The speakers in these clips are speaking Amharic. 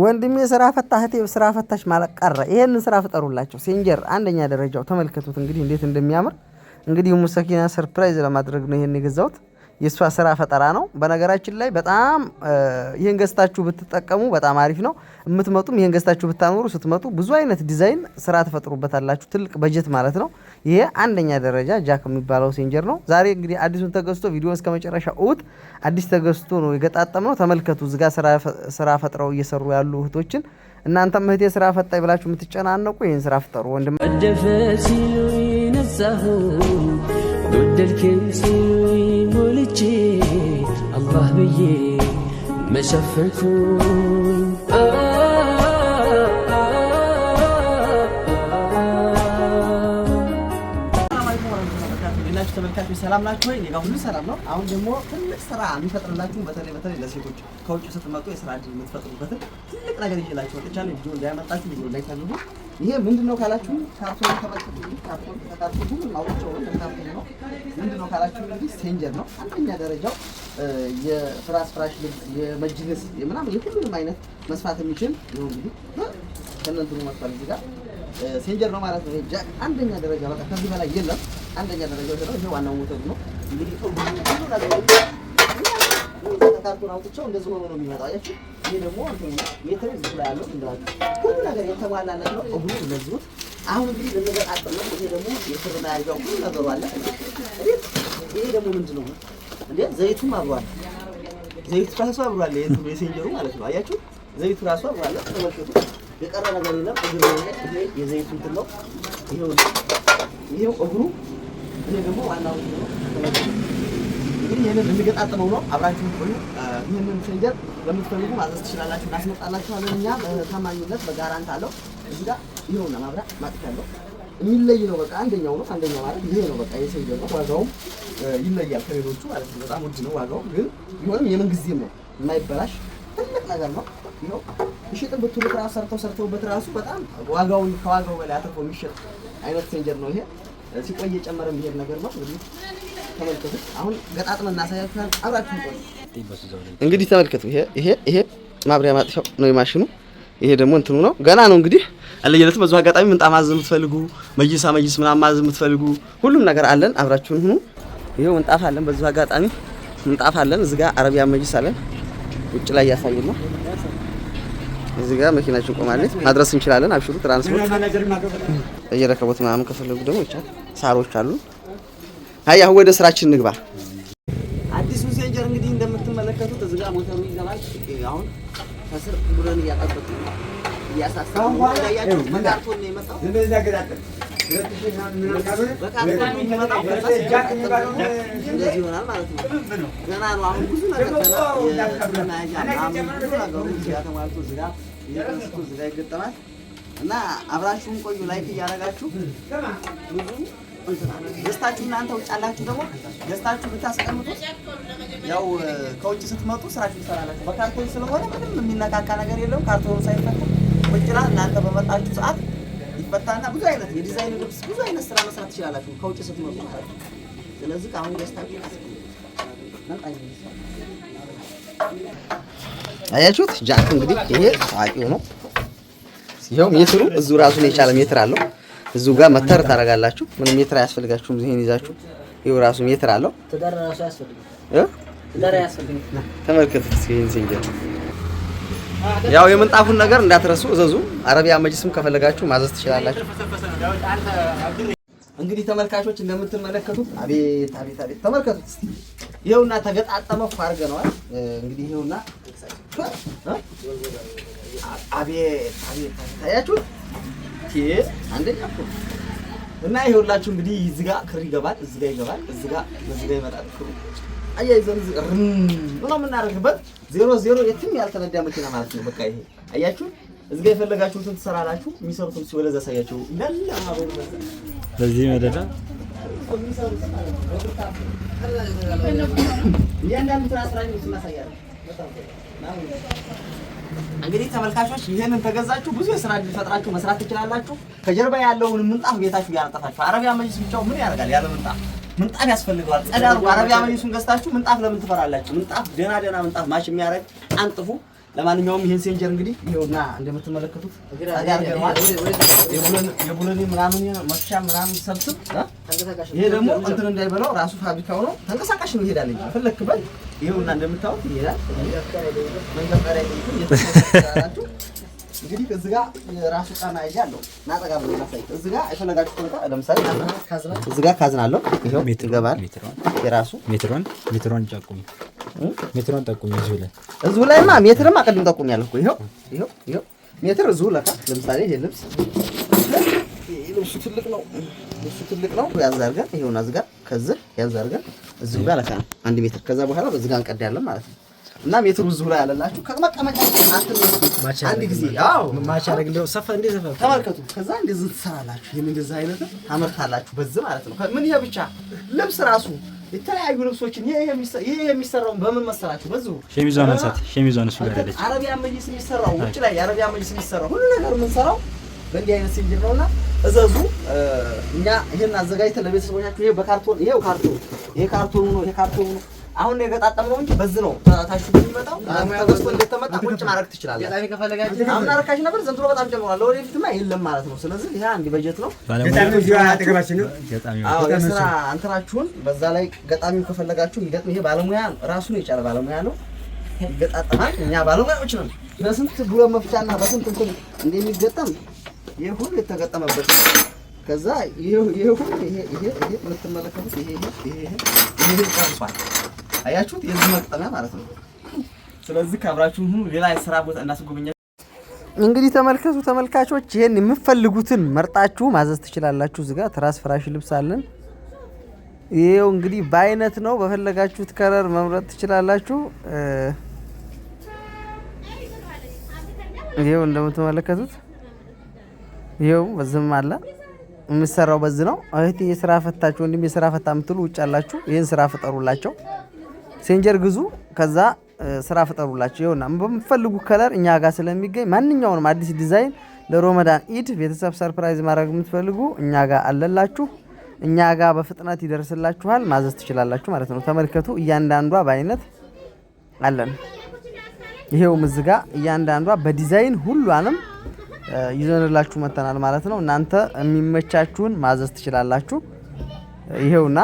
ወንድሜ ስራ ፈታ እህቴ ስራ ፈታሽ ማለት ቀረ። ይሄንን ስራ ፍጠሩላቸው። ሴንጀር አንደኛ ደረጃው ተመልከቱት እንግዲህ እንዴት እንደሚያምር እንግዲህ ሙሰኪና ሰርፕራይዝ ለማድረግ ነው ይሄን የገዛሁት። የእሷ ስራ ፈጠራ ነው። በነገራችን ላይ በጣም ይህን ገዝታችሁ ብትጠቀሙ በጣም አሪፍ ነው። የምትመጡም ይህን ገዝታችሁ ብታኖሩ ስትመጡ ብዙ አይነት ዲዛይን ስራ ትፈጥሩበታላችሁ። ትልቅ በጀት ማለት ነው። ይሄ አንደኛ ደረጃ ጃክ የሚባለው ሴንጀር ነው። ዛሬ እንግዲህ አዲሱን ተገዝቶ ቪዲዮ እስከ መጨረሻ እውት አዲስ ተገዝቶ ነው የገጣጠም ነው። ተመልከቱ። ዝጋ ስራ ፈጥረው እየሰሩ ያሉ እህቶችን እናንተም እህቴ ስራ ፈጣይ ብላችሁ የምትጨናነቁ ይህን ስራ ፍጠሩ። ወንድም ደፈ ሲሉ ነሳሁ ጎደልክም ሲሉ ገባህ ብዬ መሸፈንኩኝ ተመልካቾች ሰላም ናችሁ ወይ? እኔ ጋር ሁሉ ሰላም ነው። አሁን ደግሞ ትልቅ ስራ የሚፈጥርላችሁ በተለይ በተለይ ለሴቶች ከውጭ ስትመጡ የስራ እድል የምትፈጥሩበትን ትልቅ ነገር ይዤላችሁ ወጥቻለሁ። ቪዲዮ እንዳያመጣችሁ ቪዲዮ እንዳይታዩ። ይሄ ምንድን ነው ካላችሁ ካርቶን ተመልክቱ። ካርቶን ተካርቶን ሁሉ ማውጫው ነው ካርቶን ነው። ምንድን ነው ካላችሁ እንግዲህ ሴንጀር ነው። አንደኛ ደረጃው የፍራስ ፍራሽ ልብስ፣ የመጅልስ የምናምን የሁሉንም አይነት መስፋት የሚችል ነው። እንግዲህ ከእነንትኑ እንትኑ መጥቷል እዚህ ጋር ሴንጀር ነው ማለት ነው። ጃክ አንደኛ ደረጃ በቃ ከዚህ በላይ የለም። አንደኛ ደረጃ ወደ ነው ዋናው ሞተር ነው። እንግዲህ ሁሉ ነገር ካርቶን አውጥቼው እንደዚህ ሆኖ ነው የሚመጣው። አያችሁ፣ ይሄ ደግሞ ሜትር እዚህ ላይ ያለው እንዳላችሁ ሁሉ ነገር የተሟላለት ነው። እሁሉ እንደዚሁት አሁን እንግዲህ ለነገር አጥነው ይሄ ደግሞ የስር መያዣው ሁሉ ነገሩ አለ። ይሄ ደግሞ ምንድን ነው እንዴት ዘይቱም አብሯል። ዘይቱ ራሱ አብሯል። የዚህ የሴንጀሩ ማለት ነው። አያችሁ፣ ዘይቱ ራሱ አብሯል። ተመልከቱ፣ የቀረ ነገር የለም። እግሩ የዘይቱ እንትን ነው። ይሄው ይሄው እግሩ እኔ ደግሞ ዋናው እንግዲህ ይህንን የሚገጣጥመው ነው። አብራችሁ ቆዩ። ይህንን ሸንጀር በምትፈልጉ ማዘዝ ትችላላችሁ። እናስመጣላችኋለን። እኛ በታማኝነት በጋራንት አለው። እዚህ ጋር ይኸውና ማብሪያ ማጥፊያ ያለው የሚለይ ነው። በቃ አንደኛው ነው። አንደኛው ማለት ይሄ ነው። በቃ የሸንጀር ነው። ዋጋውም ይለያል ከሌሎቹ ማለት ነው። በጣም ውድ ነው ዋጋው፣ ግን ቢሆንም የምንጊዜም ነው የማይበላሽ ትልቅ ነገር ነው። ይኸው እሽጥን ብትሉት ራሱ ሰርተው ሰርተውበት ራሱ በጣም ዋጋውን ከዋጋው በላይ አትርፎ የሚሸጥ አይነት ሸንጀር ነው ይሄ። ሲቆይ እየጨመረ የሚሄድ ነገር ነው። እንግዲህ ተመልከቱ። አሁን ገጣጥመን እናሳያችኋለን። አብራችሁ ቆዩ። እንግዲህ ተመልከቱ። ይሄ ይሄ ይሄ ማብሪያ ማጥፊያው ነው የማሽኑ። ይሄ ደግሞ እንትኑ ነው ገና ነው እንግዲህ አለየለት። በዚሁ አጋጣሚ ምንጣፍ ማዘዝ የምትፈልጉ መይሳ መይስ ምናምን ማዘዝ የምትፈልጉ ሁሉም ነገር አለን። አብራችሁን ሁኑ። ይሄው ምንጣፍ አለን። በዚሁ አጋጣሚ ምንጣፍ አለን። እዚህ ጋር አረቢያ መይስ አለን። ውጭ ላይ እያሳየን ነው እዚህ ጋር መኪናችን ቆማለች። ማድረስ እንችላለን። አብሽሩ ትራንስፖርት እየረከቦት ምናምን ከፈለጉ ደግሞ ይቻል ሳሮች አሉ። አይ አሁን ወደ ስራችን ንግባ። አዲሱ ሴንጀር እንግዲህ እንደምትመለከቱት እዚህ ጋር ሞተሩ ይዘባል። አሁን ከስር ጉረን እያጣበጥ እያሳሳ ያቸው መንዳርቶ ነው የመጣው ይሆናል እና አብራችሁን ቆዩ። ላይክ እያደረጋችሁ ብዙ እናንተ ውጭ አላችሁ ደግሞ ደስታችሁ ብታስቀምጡ ያው ከውጭ ስትመጡ ስራችሁ ትሰራላችሁ። በካርቶን ስለሆነ ምንም የሚነካካ ነገር የለውም። ካርቶኑ ሳይፈታ ቁጭ እናንተ በመጣችሁ ሰዓት ሲፈታና ብዙ አይነት የዲዛይን ልብስ ብዙ አይነት ስራ መስራት ትችላላችሁ ከውጭ ስትመጡ ማለት ነው። ስለዚህ አሁን ገዝታችሁ አያችሁት። ጃክ እንግዲህ ይሄ ታዋቂው ነው። ይኸው ሜትሩ እዙ ራሱን የቻለ ሜትር አለው። እዙ ጋር መተር ታደርጋላችሁ። ምንም ሜትር አያስፈልጋችሁም። ይሄን ይዛችሁ ይኸው ራሱ ሜትር አለው። ተመልከቱት። ያው የምንጣፉን ነገር እንዳትረሱ እዘዙ። አረቢያ መጅስም ከፈለጋችሁ ማዘዝ ትችላላችሁ። እንግዲህ ተመልካቾች እንደምትመለከቱት አቤት አቤት አቤት ተመልከቱት። ይኸውና ተገጣጠመ አድርገነዋል። እንግዲህ ይሄውና አቤት አቤት ታያችሁት። አንደኛ እና ይሄውላችሁ እንግዲህ እዚህ ጋር ክር ይገባል፣ እዚህ ጋር ይገባል፣ እዚህ ጋር እዚህ ጋር ይመጣል ክሩ አያይዘን ርን ብሎ የምናደርግበት ዜሮ ዜሮ የትም ያልተነዳ መኪና ማለት ነው። በቃ ይሄ አያችሁ፣ እዚህ ጋር የፈለጋችሁትን ትሰራላችሁ። የሚሰሩትን ሲወለዝ ያሳያችሁ እንዳለ በዚህ መደዳ እንግዲህ ተመልካቾች ይህንን ተገዛችሁ ብዙ የስራ እድል ፈጥራችሁ መስራት ትችላላችሁ። ከጀርባ ያለውን ምንጣፍ ቤታችሁ ያነጠፋችሁ። አረቢያ መጅስ ብቻው ምን ያደርጋል ያለ ምንጣፍ ምንጣፍ ያስፈልገዋል። ጸዳ አድርጎ አረቢያ መሊሱን ገዝታችሁ ምንጣፍ ለምን ትፈራላችሁ? ምንጣፍ ደህና ደህና ምንጣፍ ማሽ የሚያረግ አንጥፉ። ለማንኛውም ይሄን ሴንጀር እንግዲህ ይኸውና እንደምትመለከቱት ጸዳ ምናምን መፍቻ ምናምን ሰብስብ። ይሄ ደግሞ እንትን እንዳይበላው ራሱ ፋብሪካው ነው፣ ተንቀሳቃሽ ነው። ይኸውና እንደምታዩት ይሄዳል። መንገድ እንግዲህ እዚህ ጋር ራሱ ቃና ይዤ አለው እና ብሎ ላሳይ። እዚህ ጋር የፈለጋችሁት ዕቃ ለምሳሌ እዚህ ጋር ካዝና አለው። ይኸው ይገባል። የራሱ ሜትሮን ሜትሮን ጠቁሚ ሜትሮን ጠቁሚ እዚሁ ላይ እዚሁ ላይማ ሜትርማ ቅድም ጠቁሚ ያለሁ ይኸው ይኸው ይኸው ሜትር እዚሁ ለካ። ለምሳሌ ይሄ ልብስ ልብሱ ትልቅ ነው፣ ልብሱ ትልቅ ነው። ያዝ አድርገን ይኸውና እዚህ ጋር ከዚህ ያዝ አድርገን እዚሁ ጋር ለካ አንድ ሜትር። ከዛ በኋላ በዚህ ጋር እንቀዳለን ማለት ነው እና ሜትሩ እዚሁ ላይ አለላችሁ። ከመቀመጫ ተመልከቱ። ከዛ እንደዚህ ትሰራላችሁ። ይህም እንደዚህ አይነት ታመርታላችሁ። በዚህ ማለት ነው። ምን ይሄ ብቻ ልብስ ራሱ የተለያዩ ልብሶችን ይሄ የሚሰራውን በምን መሰላችሁ? በዚሁ ሸሚዟን አንሳት። ሸሚዟን እሱ ጋር ያለች አረቢያ መጅሊስ የሚሰራው ውጭ ላይ የአረቢያ መጅሊስ የሚሰራው ሁሉ ነገር የምንሰራው በእንዲህ አይነት ሲንጅር ነው እና እዘዙ። እኛ ይህን አዘጋጅተን ለቤተሰቦቻችሁ ይሄ በካርቶን ይሄው ካርቶን ይሄ ካርቶኑ ነው ይሄ ካርቶኑ ነው አሁን ነው እንጂ በዚህ ነው ታሽጎ የሚመጣው። ተገዝቶ እንደተመጣ ቁጭ ማድረግ ትችላለህ። አሁን አረካሽ ነበር፣ ዘንድሮ በጣም ጨምሯል። ለወደፊትማ የለም ማለት ነው። ስለዚህ ይሄ አንድ በጀት ነው። የስራ እንትናችሁን በዛ ላይ ገጣሚው ከፈለጋችሁ ይገጥም። ይሄ ባለሙያ ራሱን የቻለ ባለሙያ ነው። ይገጣጠማል። እኛ ባለሙያዎች ነን። በስንት ጉረ መፍቻና በስንት እንትን እንደሚገጠም ይህ ሁሉ የተገጠመበት ከዛ ይሄ ሁሉ ይሄ ይሄ ይሄ የምትመለከቱት ይሄ ይሄ ይሄ ይሄ ይሄ አያችሁት? የዚህ መቅጠሚያ ማለት ነው። ስለዚህ ካብራችሁ ሁሉ ሌላ የስራ ቦታ እናስጎበኛችሁ። እንግዲህ ተመልከቱ ተመልካቾች፣ ይሄን የምትፈልጉትን መርጣችሁ ማዘዝ ትችላላችሁ። እዚህ ጋር ትራስ ፍራሽ ልብስ አለን። ይሄው እንግዲህ በአይነት ነው። በፈለጋችሁት ከለር መምረጥ ትችላላችሁ። ይሄው እንደምትመለከቱት ይሄው በዝም አለ የሚሰራው በዝ ነው። እህቴ የስራ ፈታችሁ፣ ወንድም የስራ ፈታ የምትሉ ውጭ አላችሁ፣ ይህን ስራ ፍጠሩላቸው። ሴንጀር ግዙ፣ ከዛ ስራ ፍጠሩላቸው። ይኸውና በምፈልጉ ከለር እኛ ጋር ስለሚገኝ ማንኛውንም አዲስ ዲዛይን ለሮመዳን ኢድ ቤተሰብ ሰርፕራይዝ ማድረግ የምትፈልጉ እኛ ጋር አለላችሁ። እኛ ጋር በፍጥነት ይደርስላችኋል። ማዘዝ ትችላላችሁ ማለት ነው። ተመልከቱ፣ እያንዳንዷ በአይነት አለን። ይሄው ምዝጋ እያንዳንዷ በዲዛይን ሁሏንም ይዘንላችሁ መተናል ማለት ነው። እናንተ የሚመቻችሁን ማዘዝ ትችላላችሁ። ይሄውና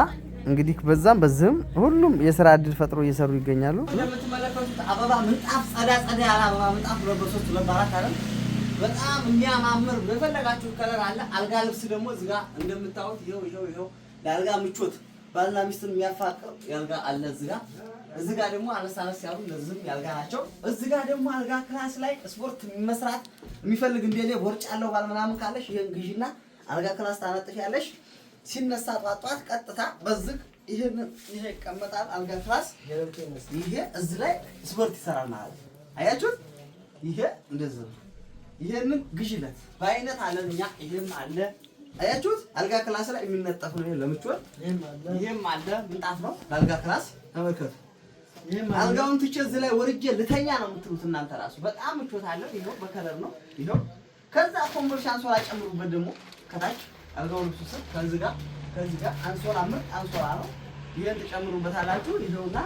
እንግዲህ በዛም በዚህም ሁሉም የስራ እድል ፈጥሮ እየሰሩ ይገኛሉ። እንደምትመለከቱት አበባ ምንጣፍ ጸዳ ጸዳ ያለ አበባ ምንጣፍ ለበሶች ለባራት አለ። በጣም የሚያማምር በፈለጋችሁ ከለር አለ። አልጋ ልብስ ደግሞ እዚህ እንደምታዩት ይኸው ይኸው ይኸው ለአልጋ ምቾት ባልና ሚስትን የሚያፋቅር ያልጋ አለ እዚህ ጋር። ደግሞ አነስ አነስ ያሉ እነዚህም ያልጋ ናቸው። እዚህ ደግሞ አልጋ ክላስ ላይ ስፖርት መስራት የሚፈልግ እንደኔ ቦርጭ ባል ምናምን ካለሽ ግዢና አልጋ ክላስ ታነጥፊያለሽ። ሲነሳ ጧት ጧት ቀጥታ በዝግ ይሄን ይሄ ይቀመጣል። አልጋ ክላስ ይሄ እዚ ላይ ስፖርት ይሰራል ማለት ነው። አያችሁት? ይሄ እንደዚህ ይሄንን ግዥለት በአይነት አለኛ ይሄም አለ። አያችሁት? አልጋ ክላስ ላይ የሚነጠፍ ነው ለምቾት። ይሄም አለ ምንጣፍ ነው ለአልጋ ክላስ ተመልከቱ። አልጋውን ትቼ እዚህ ላይ ወርጄ ልተኛ ነው የምትሉት እናንተ ራሱ። በጣም ምቾት አለው። ይሄው በከለር ነው ይሄው። ከዛ ኮምቦልሻ አንሶላ ጨምሩበት ደግሞ ከታች አልጋው ልብሱ ስር ከዚህ ጋር ከዚህ ጋር አንሶላ ምርጥ አንሶላ ነው። ይህን ትጨምሩበታላችሁ። ይኸውና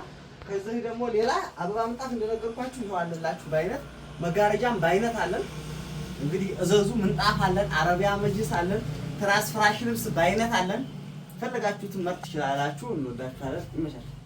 ከዚህ ደግሞ ሌላ አበባ ምንጣፍ እንደነገርኳችሁ ይኸው አለላችሁ። በአይነት መጋረጃም በአይነት አለን። እንግዲህ እዘዙ። ምንጣፍ አለን፣ አረቢያ መጅስ አለን፣ ትራስ ፍራሽ ልብስ በአይነት አለን። ፈለጋችሁትን መርጥ ትችላላችሁ። እንወዳችኋለን። ይመቻል።